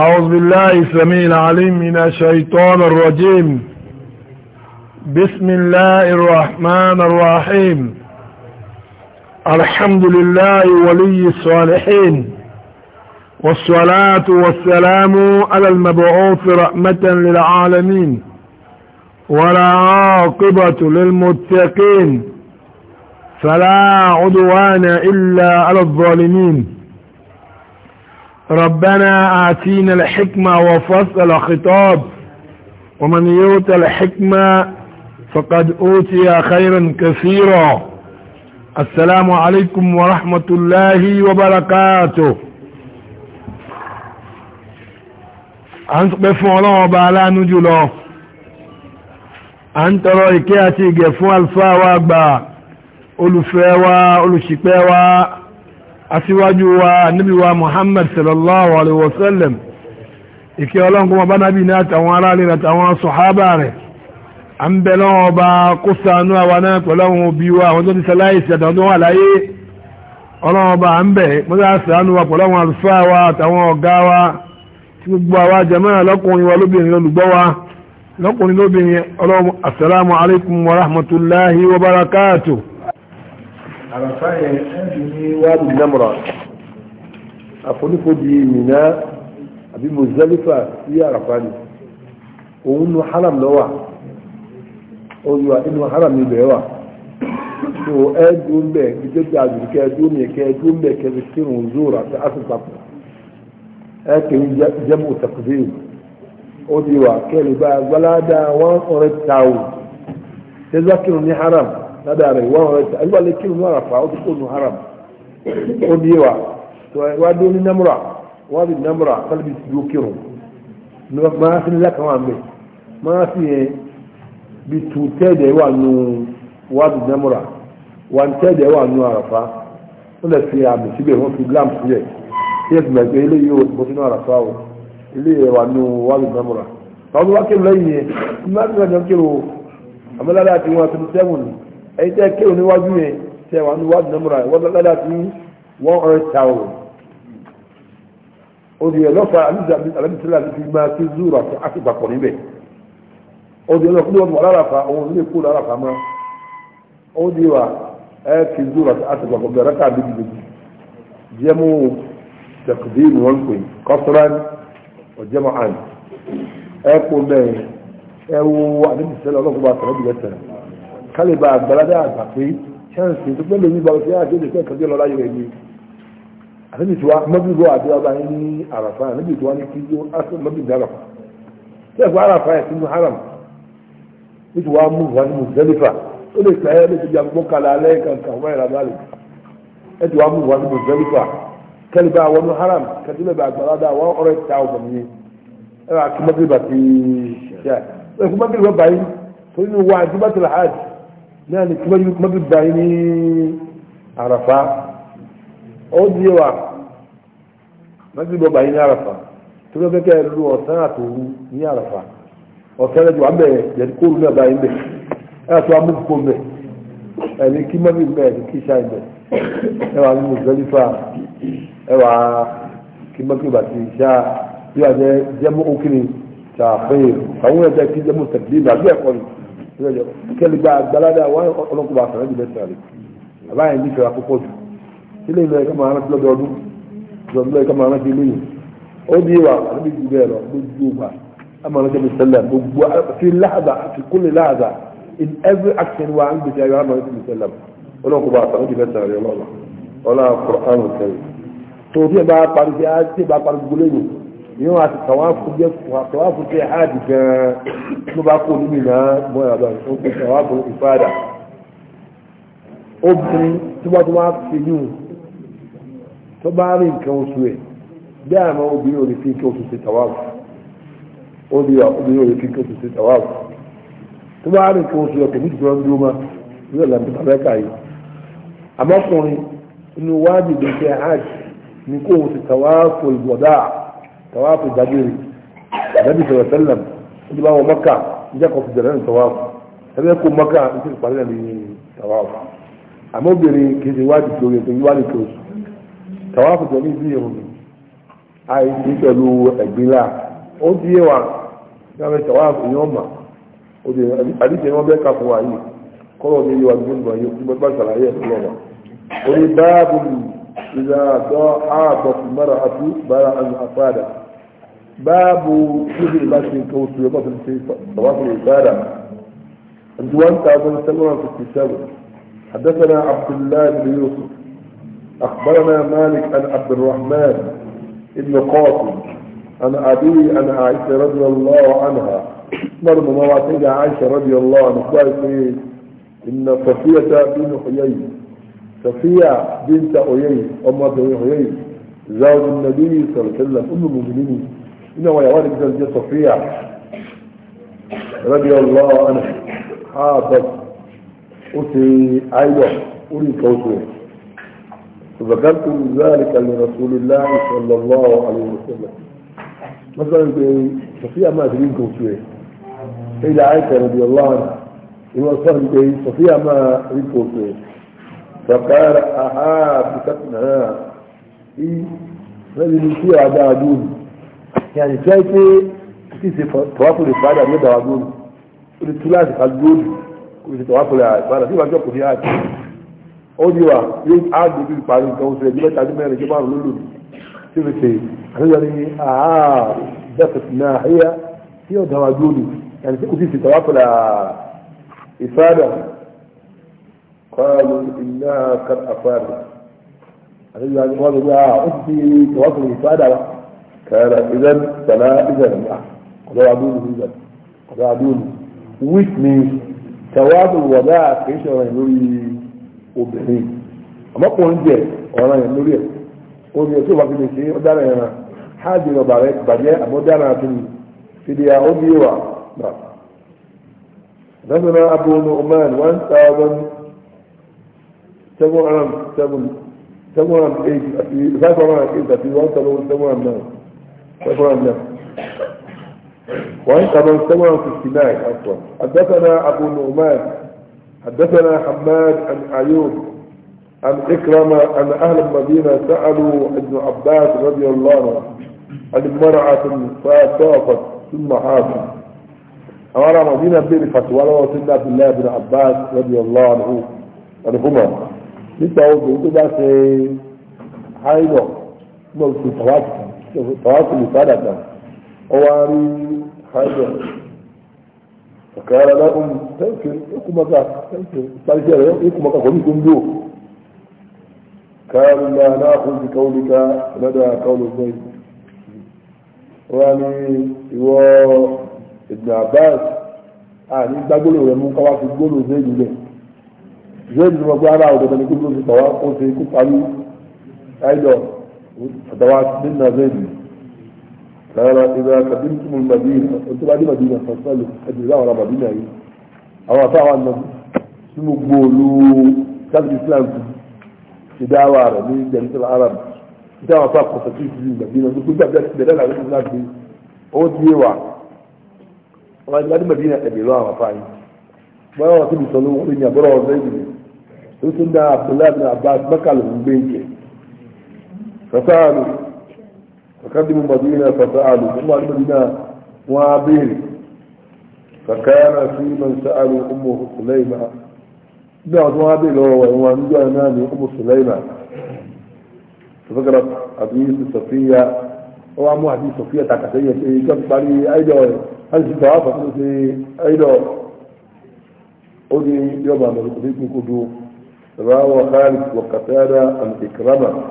أعوذ بالله السميع العليم من الشيطان الرجيم بسم الله الرحمن الرحيم الحمد لله ولي الصالحين والصلاة والسلام على المبعوث رحمة للعالمين ولا عاقبة للمتقين فلا عدوان إلا على الظالمين ربنا آتينا الحكمة وفصل خطاب ومن يؤت الحكمة فقد أوتي خيرا كثيرا السلام عليكم ورحمة الله وبركاته أنت ń pẹ́ fún ọlọ́wọ́ bá aláàánú jùlọ a ń tọrọ أولو àti ìgẹ̀ fún aṣíwájú wa annabi wa muhammad sallallahu alaihi wasallam ìkẹ́ ọlọ́run kó máa bá nábi ní àtàwọn aráàlẹ́ àtàwọn sọ̀hábà rẹ̀ a ń bẹ̀ lọ́wọ́ ọba kó ṣàánú àwa náà pẹ̀lú àwọn òbí wa àwọn tó ti sẹ́láìsì àtàwọn tó wà láyé ọlọ́run ọba à ń bẹ̀ mọ́tà wa pẹ̀lú àwọn àlùfáà wa àtàwọn ọ̀gá gbogbo àwa jàmáà lọ́kùnrin wa lóbìnrin olùgbọ́ wa lọ́kùnrin lóbìnrin ọlọ́run assalamu alaikum wa rahmatullahi wa barakatuh ya yẹn ẹ̀dùn ní wàlú nàmúrà àfonífojì Mínà àbí Mùsálífà sí àràfà ni òun nu haram lọ wà olùwà inú haram ibẹ̀ wà so ẹ̀dùn bẹ́ẹ̀ ìjọba àdùn ka yẹn kẹ́ẹ̀dùn bẹ́ẹ̀ kẹ́ẹ̀dùn kírun zoro àti asùn papọ̀ ẹ̀kìn jẹ́mú tẹ̀kùdìrì ó di gbalada one hundred thousand zákìrún ní haram ládàá rẹ̀ wọ́n rẹ̀ àyíwá lè kírun ní àràfà ó ti kó nu haram ó bí wa tó wá dé ní namura wá bí namura kálí bí dúró kírun máa fi nílá kan wà mẹ́ máa fi yẹn bí tù tẹ́ẹ̀dẹ̀ wà nù wá bí namura wà ń tẹ́ẹ̀dẹ̀ wà nù àràfà wọ́n lè fi àmì síbẹ̀ wọ́n fi glam síbẹ̀ tí yẹn ti gbàgbé eléyìí ó bọ́ sínú àràfà o eléyìí wà nù wá bí namura àwọn tó wá kírun lẹ́yìn yẹn ní wọ́n á ti gbàgbé kírun àmọ́ ládàá ti wọ́n á ti sẹ́wọ̀n nù ẹni tẹ́ kí oníwájú yẹn tẹ́ wà níwájú nọ́mọ́ra ẹ̀ wọ́n lọ́dà sí one hundred thousand odi ọlọ́fà alábìsílẹ̀ àti fi máa ti zúrò àti àtìpapọ̀ níbẹ̀ odi ọlọ́fà wọn wà láràfà òun ní kó láràfà mọ́ odi wa ẹ fi zúrò àti àtìpapọ̀ bẹ̀rẹ̀ ká bí bíbí jẹ́mu tẹ̀kùdìmù wọn pè kọ́sọ́rán ọ̀jẹ́mọ̀ àn ẹ kó mẹ́rin ẹ wo alábìsílẹ̀ ọlọ́fà bá tẹ̀lé bìlẹ̀ tẹ̀lé kálíbà àgbàládé àgbà pé ṣáǹsì tó pẹ́lú mi bàbá sí àti ìdíkẹ́ ìkàdé lọ láyé rẹ̀ ni àníbi tí wa mọ́bí bọ́ àti ọba yín ní àràfà àníbi tí wa ní kí ó ásọ mọ́bí dàrà sẹ́ẹ̀kọ́ àràfà ẹ̀ sínú haram ó ti wá mú wa ní mùsùlẹ́lifà ó lè tẹ́ ẹ́ lè ti jà gbọ́ kalẹ̀ alẹ́ kankan wọ́n yẹra bá lè ẹ̀ ti wá mú wa ní mùsùlẹ́lifà kẹ́lẹ́bà wọn ní haram kẹ́lẹ́bà àgbàládé àwọn ọ̀rẹ́ ta ọ̀gbọ̀n mi ẹ̀ wá kí mọ́bí bàtí ṣe ẹ̀ ẹ̀ mọ́bí náà ni mọ́bíbá yìí ní àràfá ó di wa mọ́bíbá yìí ní àràfá tó ló kẹ́kẹ́ lu ọ̀sán àtòru ní àràfá ọ̀sán lẹ́jọ́ àmì ẹ̀yẹ̀dì kóòlù náà báyìí mbẹ̀ ẹ̀ àti amúkúkó mbẹ̀ ẹ̀mí kí mọ́bí mbẹ̀ ẹ̀mí kí sáà mbẹ̀ ẹ̀ wà nínú zẹ́lífà ẹ̀ wà kí mọ́bí bàtì ìṣá bí wà jẹ́ jẹ́mú ókìrì tààfẹ́ àwọn ẹ̀jẹ̀ kí jẹ́mú tẹ̀lé ìrẹ́jọ kẹlẹgbà gbalada wọn ọlọ́kùn bá sàrẹ́ jùlọ sàrẹ́ àbáyé ní ìfẹ́ àkókò jù sílé ìlú ẹ̀ka máa rántí lọ́dọọdún ìjọba ẹ̀ka máa rántí lóyè ó ní ìwà àbí jù bẹ́ẹ̀ lọ gbogbo ìgbà a máa rántí ẹ̀mí sẹ́lẹ̀ gbogbo àti láàdà àti kúlẹ̀ láàdà in every action wa ń gbèsè ayọ̀ a máa rántí ẹ̀mí sẹ́lẹ̀ ọlọ́kùn bá sàrẹ́ jùlọ sàrẹ́ ọlọ́ọ̀lá ọlọ́ọ̀kùn ìyẹn wọn àti tàwáfù jẹ́ tàwáfù jẹ́ hajj gan-an ló bá kó nínú ìlà mọ́ ìyàbá ó fi tàwáfù ìfádà obìnrin tó bá tó wá fi yún tó bá rí nǹkan oṣù ẹ̀ bí àmọ́ obìnrin ò lè fi nǹkan oṣù ṣe tàwáfù obìnrin ò lè fi nǹkan oṣù ṣe tàwáfù tó bá rí nǹkan oṣù ẹ̀ kò ní ń dúró máa yóò lọ bí abẹ́ka yìí àmọ́kùnrin inú wájú ìgbésẹ̀ hajj ní kóhùn ti tàwáfù ìgbọ̀dá tawaafu gbàgìrì àdàbí sọ̀rọ̀ sẹ́lẹ̀m ó ti bá wọn mọ́kà níjà kan fi jẹ̀rẹ̀ ní tawaafu ẹgbẹ́ kó mọ́kà ní ti parí ní tawaafu àmọ́ obìnrin kì í ṣe wádìí tó yẹ tó yí wádìí tó tawaafu tó ní ìdíyẹ̀ wọn àìsí pẹ̀lú ẹ̀gbìnlá ó ti yé wa ní tawaafu yóò mà ó ti àdìsí wọn bẹ́ẹ̀ kà fún wa yìí kọ́rọ̀ mi yé wa gbogbo ìgbà yìí kí wọ́n bá ṣàlàyé ẹ̀ fún ọ orí báàbù ìlà àdọ́ àbọ̀ mọ́ra àti bára àti باب shiri ba shi يبقى في yaba sun ce ba ba su tsara an حدثنا عبد الله بن يوسف أخبرنا مالك عن عبد الرحمن بن قاسم عن أبي عن عائشة رضي الله عنها ما مواعيد عائشة رضي الله عنها قالت إن صفية بن حيي صفية بنت حيي أم بن حيي زوج النبي صلى الله عليه وسلم أم المؤمنين inú àwọn ìyàwó àdìgbò رضي الله rẹ́bí حافظ ọ̀nà ààbọ̀ ó ti ayọ̀ فذكرت ذلك لرسول الله صلى الله عليه وسلم مثلا صفية ما تريد كوتوي إلى عائشة رضي الله عنها إما صفية صفية ما تريد كوتوي فقال أها بكتنا إيه هذه الشيعة دا yàrá ìtura yìí pé tí ì ṣe tọ́wápò lè fàdà ní ìdáwà góòlù ó lè tú láti fa góòlù kò ṣe tọ́wápò lè fàdà sí ìwájú ọkùnrin àti ó ní wa yóò áàgbé bí ìparí nǹkan oṣù rẹ̀ nígbàtà ní mẹ́rin jọba àrùn lónìí tí ó ṣe àríwá ní àá dẹ́kẹ̀tì náà àyà tí ó dáwà yàrá ìtura yìí ṣe tọ́wápò lè ìfàdà قالوا إنا قد أفادنا àríwá ní wọ́n lè wá ó ti tọ́wápò lè قال إذا فلا إذا معه قد إذا قد عدوله which means tawadu wada kì í ṣe ọ̀ràn lórí obìnrin ọmọkùnrin jẹ ọ̀ràn yẹn lórí ẹ̀ obìnrin tó bá na lè ṣe ó dára yẹn náà hajj lọ́ba rẹ̀ bàjẹ́ àmọ́ dára àti fìdíà ó bí wà في شكرا لك وانت من سمع في السماء اصلا حدثنا ابو نعمان حدثنا حماد عن ايوب عن اكرم ان اهل المدينه سالوا ابن عباس رضي الله عنه عن امراه فاطافت ثم حافظ أمر مدينة بن فتوى لو عبد الله بن عباس رضي الله عنه عنهما لسه هو بيقول bá ṣe háìlọ̀ tọ́wọ́pù ìfádà kan ó wá rí hajjọ ọ̀kàrà lọ́kùn tẹ́ǹkì ìkùmọ́ta tẹ́ǹkì ìpàdé rẹ̀ ìkùmọ́ta kò ní kó ń dò kàrù náà náà kò sí kọ́ọ̀lùkà lọ́dọ̀ kọ́ọ̀lù bẹ́ẹ̀ wá ní ìwọ ìgbà abbas àní gbágbólò rẹ̀ mú káwá fi gbólò zéèdì lẹ̀ zéèdì ló mọ̀ pé ara òdòdó ni kó ló fi tọ̀wá kó ṣe kó أدوات منا زيد قال إذا قدمتم المدينة أنتم بعد مدينة فصلوا أجل ولا مدينة أو أطاعوا النبي سمو قولوا كذب الإسلام في دعوة عربي جريدة العرب إذا طاقة فتية في المدينة نقول ده بدأت دلالة على الإسلام في أوتي وعد wọ́n ti wá ní Madina ẹ̀dẹ̀rọ àwọn afáà yìí wọ́n yà wọ́n ti bìtọ̀ lówó ní àbúrò ọ̀sẹ̀ ìdìbò tó فسألوا فقدموا مدينة فسألوا هم المدينة وابين فكان في من سألوا أم سليمة بعد وابين هو وانجا ناني أم سليمة فذكرت حديث صفية هو عمو حديث صفية تاكتية في كم باري أيضا هل ستعافى في أيضا أودي يوم عمل قديم كدو راوى خالد وقتادة أن إكرمه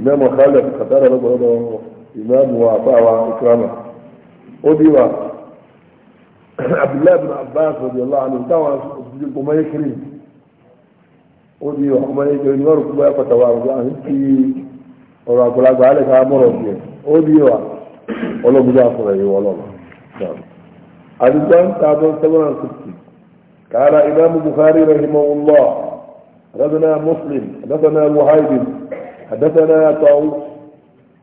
إمام خالد رضي الله عنه إمام وعطاء وإكرامه أبي عبد الله بن عباس رضي الله عنه تعالى أبي وعطاء كريم أبي وعطاء أمي كريم ورقم بيقى تعالى رضي الله عنه ورقم الله تعالى كامل رضي أبي وعطاء ولو مجاف رأيه والله عبد الله تعالى سبنا سبتي قال إمام بخاري رحمه الله ردنا مسلم ردنا وحايد حدثنا طاووس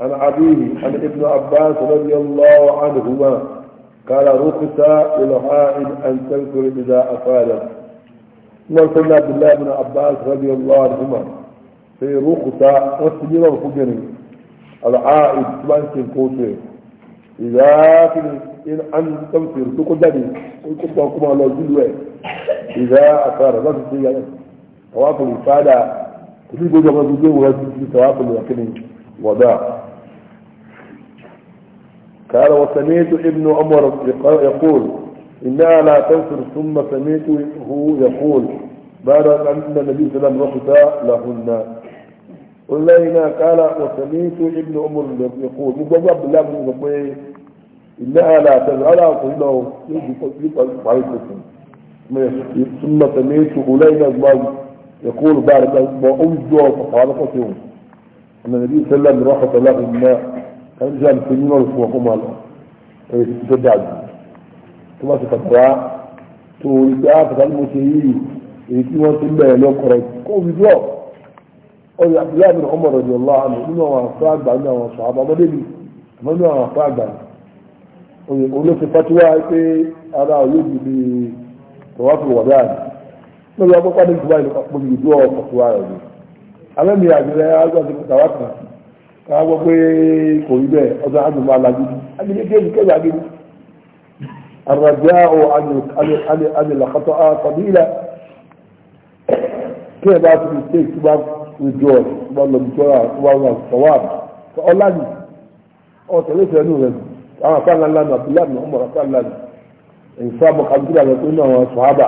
عن أبيه عن ابن عباس رضي الله عنهما قال رخص للحائض أن تذكر إذا أفادت وصلى صلى بالله بن عباس رضي الله عنهما في رخص وسجل الخجر العائد طبعا تنكوته إذا إن أن تنكر تقول دبي قلت لكم على الجلوة إذا أفادت لا تنكر يعني. طواف قال وسمعت ابن عمر يقول إنها لا تنصر ثم هو يقول بعد أن النبي صلى الله عليه وسلم رخص لهن قلنا قال وسمعت ابن عمر يقول مبغض عبد الله بن زبير إنها لا تنصر تزعل قلنا يقول ثم سمعت أولئك الله يقول بعد وأمجع فقالت يوم أن النبي صلى الله عليه وسلم راح طلاق الماء كان جاء مسلمين ورسوكم ماله تدعى ثم تتبرع تقول بآفة المسيحيين يكي وانت الله يلوم قريب قوم يجوا قول عبد الله بن عمر رضي الله عنه إنه وصعب بعدنا وصعب أبدا لي أمامنا وصعب بعدنا قول له في فتوى أنا إيه، يجي في طواف الوداع lórí ọgbọ́n pàdé ìdúrà ìlú papọ̀ mi ìdúrà ọkọ̀ tó wà rẹ̀ abẹ́mi àgbẹ̀rẹ̀ àgbà ti kọ̀tà wá kan káwá gbọ́ pé kò rí bẹ́ẹ̀ ọdún àdùnmọ́ alágídí agbègbè géèmù kẹ́lẹ́ agbègbè الرجاء عن الخطأ قبيلة كيف بات مستيك تبان وجوه تبان لمجوه تبان الصواب فأولاني أو تليس لنوه أنا قال لنا عبد الله بن عمر قال لنا إن سابق عبد الله يقول إنه صحابة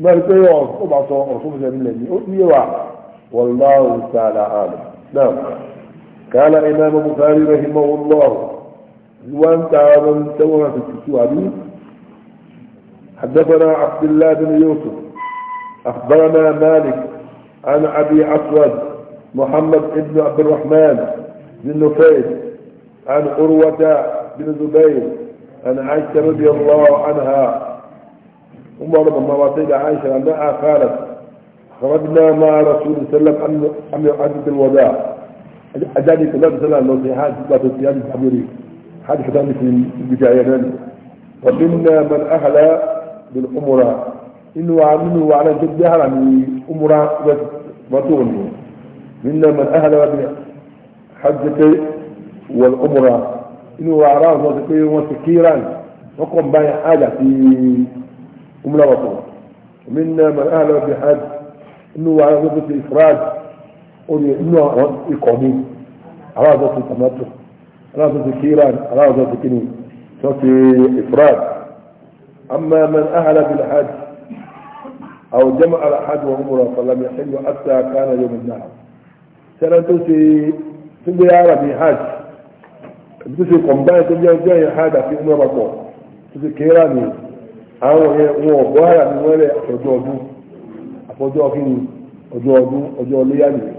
ما يقول ابو عطوه رسول الله من الذي اؤمن واحد والله تعالى اعلم نعم قال امام البخاري رحمه الله وان تعالى من في السؤال حدثنا عبد الله بن يوسف اخبرنا مالك عن ابي اسود محمد بن عبد الرحمن بن نفيس عن عروه بن زبير عن عيسى رضي الله عنها ثم رضا ما واتينا عائشة عندها قالت خرجنا مع رسول الله صلى الله عليه وسلم أم يحدث الوداع أجاني كلام سنة لو في حاجة لا تسيان الحميري حاجة كتاني في البجاية ومنا من أهل بالأمرة إنه عامله وعلى جد يهرع عن الأمرة وطولي منا من أهل بالحجة والأمراء إنه أعراه وسكيرا وقم بين حاجة في ومن من أهل ربي حاج إنه على ضبط إخراج قولي إنه إقامين على ضبط التمتع على ضبط الكيران على ضبط الكنين صوت إفراد أما من أهل بالحج أو جمع الحج وعمره فلم يحل حتى كان يوم النهر سنة توسي تبدو يا عربي حج بتوسي قنبان تبدو يا حاج في عمره توسي كيراني àwọn ọ̀gbọ́n ara mi wọ́n rẹ̀ àfọ̀jọ́ ọdún àfọ̀jọ́ ọdún ọjọ́ ọdún ọjọ́ ọlẹ́yà nìyẹn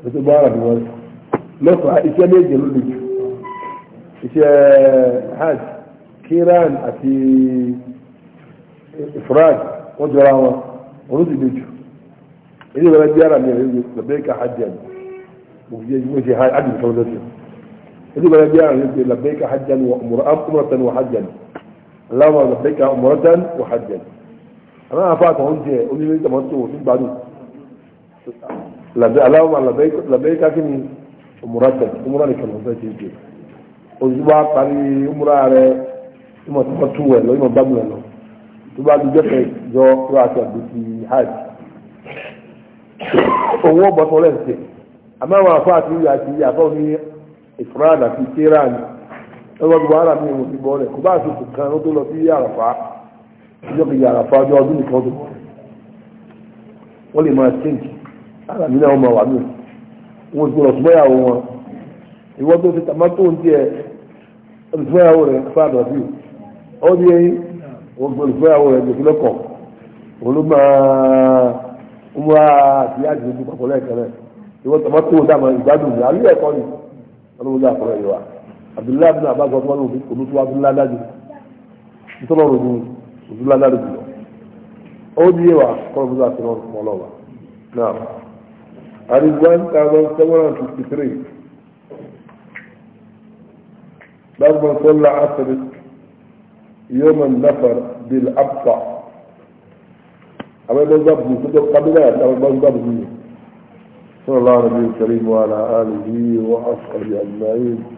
àfọ̀jọ́ ọgbọ́n ara mi wọ́n rẹ̀ iṣẹ́ méje ló lè jù iṣẹ́ eh, hajj kiran àti ifrad wọ́n jọra wọn wọ́n sì lè jù èyí wọ́n jẹ́ ara mi rẹ̀ yóò labẹ́ka hajj mo fi hajj èyí wọ́n jẹ́ hajj aláwọ̀ àgbàfẹ́kà mọ̀rọ́dán wàhádẹ́n àwọn afáàtọ̀ oúnjẹ onílé tọmọtò òfin gbádùn aláwọ̀ àgbàfẹ́kà kí ni mọ̀rọ́dán umura ní kẹlẹ́fẹ́ ti jẹ òṣùwà parí umura rẹ ìmọ̀ tọmọtò rẹ lọ ìmọ̀ gbádùn rẹ lọ tó bá dúdú jẹ́ jọ tó àti àgbèsì hajj owó bọ́tọ̀ lẹ́sẹ̀ àmọ́ àwọn afáàtì àti àfáwọn ní ìfúráàdà àti kéèrà ni ẹgbẹ́ gbogbo ara mi ò ti bọ́ rẹ̀ kò bá àti òkùnkàn ló tó lọ sí àràfà ìjọ kejì àràfà ọjọ́ ọdún nìkan tó bọ́ rẹ̀ wọ́n lè máa change ara mi náà wọ́n máa wà mí wọ́n ti lọ súnmọ́yàwó wọn ìwọ́ tó ti tàmá tó ń tiẹ̀ olùsúnmọ́yàwó rẹ̀ fáadọ̀ sí ọ́ di ẹyin olùsúnmọ́yàwó rẹ̀ lè fi lọ́kọ̀ òun ló máa ń múra àti àjò pàpọ̀ lẹ́ẹ̀kan náà tàmá tó ń dà abdullahi bin abbas ọdún wọn òfin olùtú abdullahi dájú nítorí ọ̀rọ̀ ògùn abdullahi dájú jùlọ ó di yé wa kọ́nà fún àti ọ̀rọ̀ fún ọlọ́wà náà àti one thousand seven hundred fifty three لما صلى عصر يوم النفر بالأبطأ أما لو ضبط كتب قبلها أما لو ضبط صلى الله عليه وسلم وعلى آله وأصحابه أجمعين